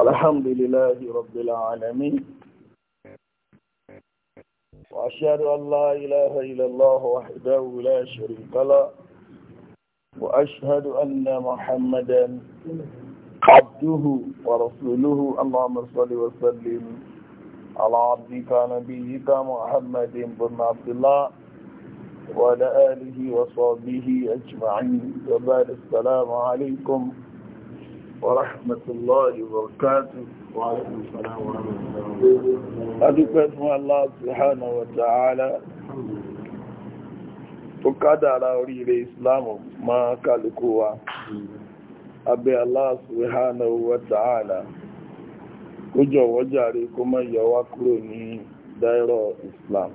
الحمد لله رب العالمين وأشهد أن لا إله إلا الله وحده لا شريك له وأشهد أن محمدا عبده ورسوله اللهم صل وسلم على عبدك نبيك محمد بن عبد الله وعلى آله وصحبه أجمعين وبعد السلام عليكم ورحمة الله وبركاته وعليكم wa abẹ́ Allah subhanahu wa ta'ala kó jọ̀wọ́ jàre kó má kuro kúrò ní dáírọ̀ islam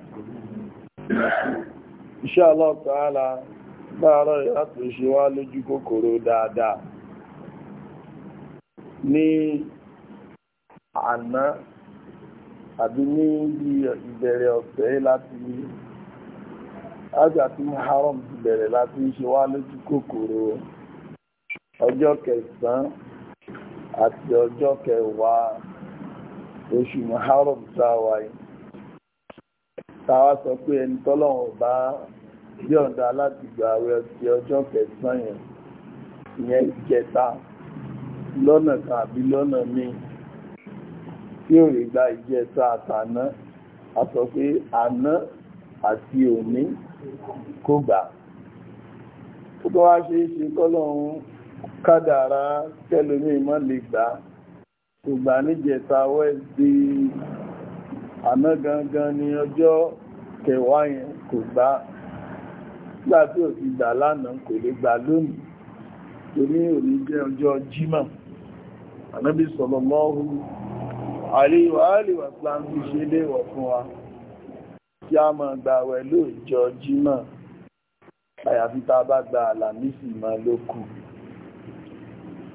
insha Allah ta'ala báárọ̀ ìyá tó wá lójú kòkòrò dáadáa ní àná àbí ní bí ìbẹ̀rẹ̀ ọ̀sẹ̀ láti ájá haram ti bẹ̀rẹ̀ láti ṣe wá lójú kòkòrò ọjọ́ kẹsàn-án àti ọjọ́ kẹwàá oṣù haram sáwà yìí sọ pé ẹni tọ́lọ́run bá yọ̀ǹda láti gbà ti ọjọ́ kẹsàn-án yẹn ìyẹn lọ́nà tàbí lọ́nà míì tí ò lè gba ìjẹta àtàná a sọ pé àná àti òní kò gbà tó tó wá ṣe é ṣe kọ́lọ́run kádàrá tẹ́lómi mọ́ lè gbà kò gbà níjẹta wẹ́ẹ̀dì àná gangan ni ọjọ́ kẹwàá yẹn kò gbà gbà tí ò ti gbà lánàá kò lè gbà lónìí torí òní jẹ́ ọjọ́ jímọ̀ ànábì sallallahu alaihi wa alihi wasallam ti ṣe léèwọ̀ fún wa kí a máa gba àwẹ̀ lóòjọ́ jímọ̀ àyàfi tá a bá gba àlàmísì mọ́ lókù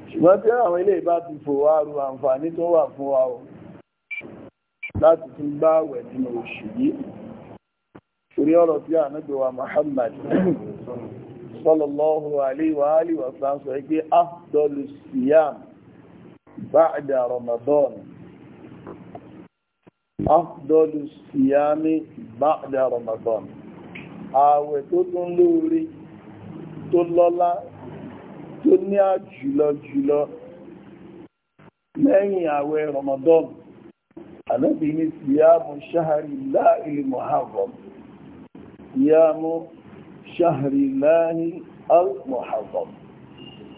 ṣùgbọ́n tí àwọn ilé ìbá ti fò wá ru àǹfààní tó wà fún wa o láti tún gba àwẹ̀ nínú oṣù yìí torí ọ̀rọ̀ tí ànábì wa Muhammad sallallahu alaihi wa alihi sọ pé afdalus siyam بعد رمضان أفضل الصيام بعد رمضان ààwẹ̀ tó tún lóore tó lọ́lá tó ní àjùlọ jùlọ lẹ́yìn ààwẹ̀ Ramadan ànábì ní síyámù ṣáhàrì láìlì Muharram síyámù ṣáhàrì láìlì al-Muharram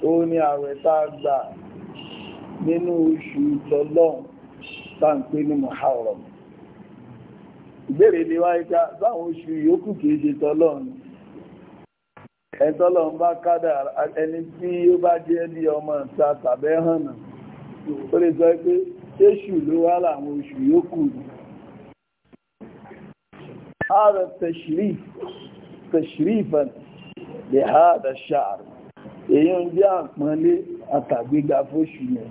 ó ní ààwẹ̀ tá a gbà nínú oṣù tọ́lọ́n tàǹpé ní Muharram ìbéèrè ni wáyé ká báwọn oṣù yòókù kìí ṣe tọ́lọ́n ẹ̀tọ́lọ́n bá kádà ẹni tí ó bá jẹ́ ní ọmọ ìta tàbẹ́ hànà ó lè sọ pé ṣéṣù ló wá láwọn oṣù yòókù هذا التشريف تشريفا لهذا الشعر èyí ń jẹ́ àpọ́nlé àtàgbéga fóṣù yẹn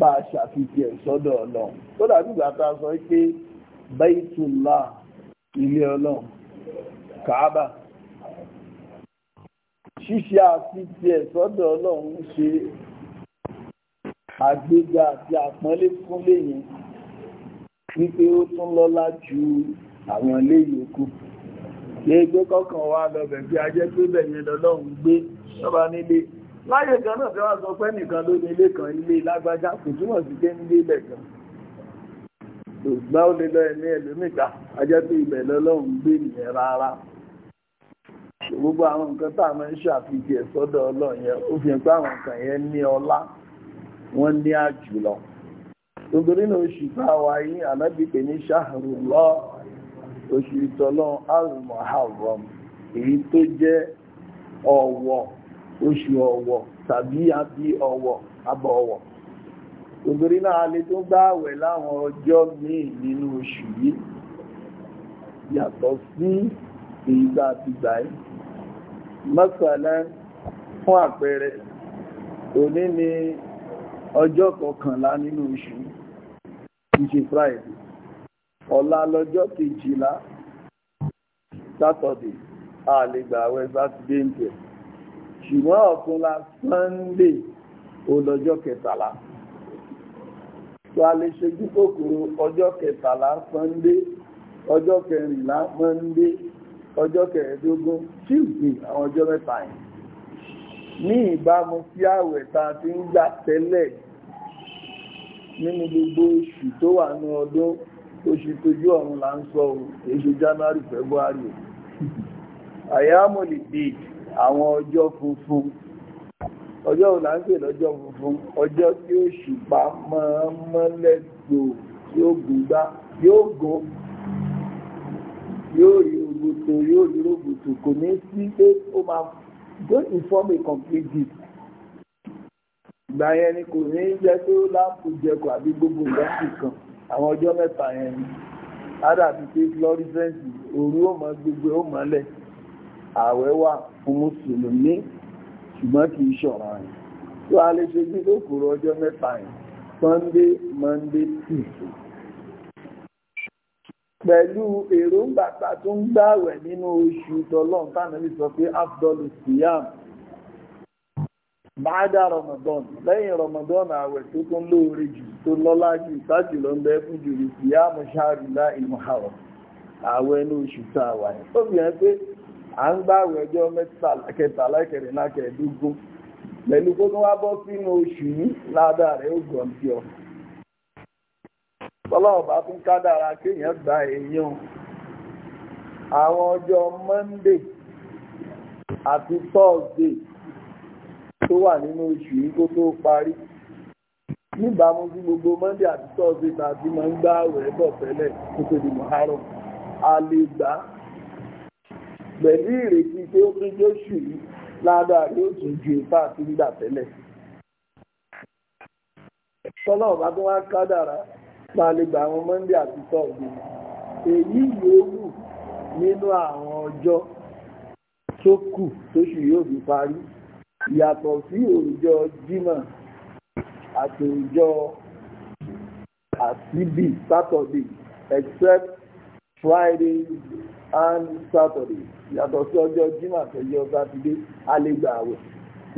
pa àṣàfihàn ẹ̀ sọ́dọ̀ ọlọ́run tó dàbí ìgbà tá a sọ pé Baitullah ilé ọlọ́run Kaaba ṣíṣe àfihàn ẹ̀ sọ́dọ̀ ọlọ́run ṣe àgbéga àti àpọ́nlé fúnlé yẹn wípé ó tún lọ́lá ju àwọn ilé yòókù ṣé gbé kọ́kàn wá lọ bẹ̀ bí ajẹ́ pé bẹ̀yẹn lọ́lọ́run gbé lọ́ba nílé láyé kan náà fẹ́ wá sọ pé nìkan ló ní ilé kan ilé lágbájá kò túmọ̀ sí pé ń ó lè lọ ẹni ẹlòmíkà ajẹ́ pé ibẹ̀ lọ́lọ́run gbé nìyẹn rárá gbogbo àwọn nǹkan tá a máa ń ṣàfihàn ẹ̀ sọ́dọ̀ ọlọ́run yẹn ó fi hàn pé àwọn nǹkan yẹn ní ọlá ní àjùlọ nítorí náà oṣù tá a wá yín ànábì pé ní lọ oṣù oṣù ọ̀wọ̀ tàbí àbí ọ̀wọ̀ abọ̀ ọ̀wọ̀ obìnrin náà lè tó gbààwẹ̀ láwọn ọjọ́ míì nínú oṣù yìí yàtọ̀ sí èyí tá a ti gbà yìí mọ́sàlẹ́ fún àpẹẹrẹ òní ni ọjọ́ kọkànlá nínú oṣù ìṣe friday ọ̀la lọ́jọ́ kejìlá saturday a lè gbààwẹ̀ saturday ń tẹ̀ ṣùgbọ́n ọ̀túnla sunday olọ́jọ́ kẹtàlá tó a lè ṣojú kòkòrò ọjọ́ kẹtàlá sunday ọjọ́ kẹrìnlá monday ọjọ́ kẹrìndógún tuesday àwọn ọjọ́ mẹ́ta yìí ní ìbámu sí àwẹ̀ tá a ti ń gbà tẹ́lẹ̀ nínú gbogbo oṣù tó wà ní ọdún oṣù tójú ọ̀run là ń sọ èṣù january february àyàmọ̀lì date àwọn ọjọ́ funfun ọjọ́ òláńpẹ̀ lọ́jọ́ funfun ọjọ́ tí ó ṣùpá máa yóò gùn yóò rí ògbòtò yóò rí ògbòtò kò ní sí pé ó máa don't inform a complete gist ìgbà yẹn ni kò ní jẹ́ pé ó láǹpù jẹkù àbí gbogbo ìdáǹpù kan àwọn ọjọ́ mẹ́ta yẹn ni ádàbí pé florissance òru ó mọ gbogbo ó mọ́lẹ̀ ààwẹ̀ wà fún mùsùlùmí ṣùgbọ́n kì í ṣọ̀rọ̀ rẹ̀ tó a lè ṣe bí lókùrò ọjọ́ mẹ́ta yìí Sunday Monday Tuesday pẹ̀lú èròǹgbà ta tó ń gbààwẹ̀ nínú oṣù tọ́lọ́n tánàlì sọ pé afdọ́lù siyam bàádà Ramadan lẹ́yìn Ramadan àwẹ̀ tó tún lóore jù tó lọ́lá jù sájùlọ ń bẹ fún jù ní siyam ṣáàrùlá ìmọ̀hàwọ̀ àwẹ̀ ní oṣù tàwà ẹ̀ à ń gbààwẹ̀ ọjọ́ kẹtàlá kẹrìnlá kẹẹ̀ẹ́dógún pẹ̀lú kó tó wá bọ́ sínú oṣù yìí ládàá rẹ̀ ó gàn bí ọ. Ọlọ́run bá tún kádàrá kéèyàn gba èèyàn àwọn ọjọ́ Monday àti Thursday tó wà nínú oṣù yìí kó tó parí níbàámu sí gbogbo Monday àti Thursday tàbí máa ń gbá àwẹ̀ bọ̀ tẹ́lẹ̀ kó tó di Muharram a lè gbà á pẹ̀lú ìrètí pé ó tún Jóṣù yìí ládàá yóò tún ju ìfà àti gbígbà tẹ́lẹ̀. tọ́lá ọ̀bá tó wá kádàrá máa lè gba àwọn Monday àti Sunday èyí yòówù nínú àwọn ọjọ́ tó kù tóṣù yóò fi parí yàtọ̀ sí òòjọ́ Jímọ̀ àti òòjọ́ àtibì Saturday except Friday and Saturday. yàtọ̀ sí ọjọ́ jimá tẹ̀yẹ sátidé a lè gbà àwẹ̀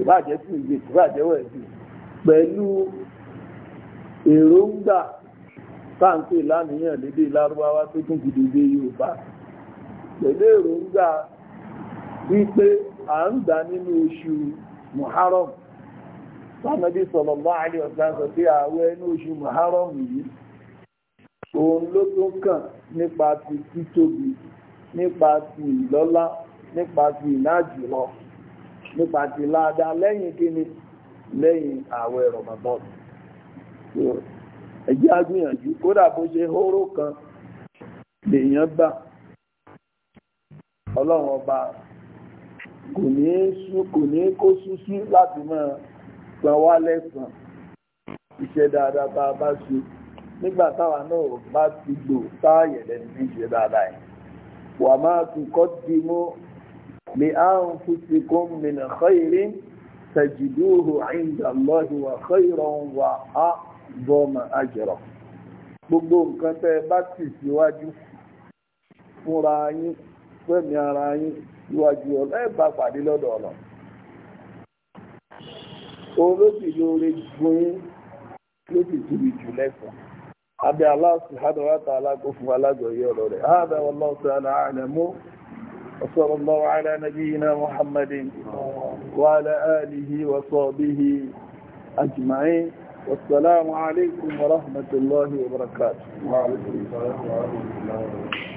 ìbàjẹ́ sí ìgbè ìbàjẹ́ wẹ̀ sí pẹ̀lú èròǹgbà táǹkì láníyàn lédè lárúbáwá tó tún kìdìdé yorùbá pẹ̀lú èròǹgbà wípé à ń gbà nínú oṣù muharram sánàbí sallallahu alaihi ní oṣù muharram yìí òun ló nípa ti ìlọ́lá nípa ti ìnájùlọ nípa ti láadá lẹ́yìn kíni lẹ́yìn ààwẹ̀ Ramadan ẹjẹ́ agbìyànjú kódà bó ṣe hóró kan lèèyàn gbà ọlọ́run ọba kò ní kó súsú láti máa san wá lẹ́san iṣẹ́ dáadáa bá a bá ṣe nígbà táwa náà bá ti gbò táàyẹ̀ lẹ́nu ní iṣẹ́ dáadáa yìí wà máa tuqaddimu li anfusikum min khairin tajiduhu 'inda Allahi wa khairan wa a'zama ajra gbogbo nǹkan tẹ́ bá tì síwájú fúnra yín fẹ́mi ara yín síwájú ọ̀la ẹ̀ bá pàdé lọ́dọ̀ ọ̀la òun ló sì lóore gbóyún ló sì tóbi jù lẹ́sàn-án abẹ́ Allah subhanahu wa ta'ala kó fún alágbọ̀yé ọ̀rọ̀ rẹ̀ hada wallahu ta'ala a'lamu وصلى الله على نبينا محمد وعلى آله وصحبه أجمعين والسلام عليكم ورحمة الله وبركاته وعليكم السلام ورحمة الله وبركاته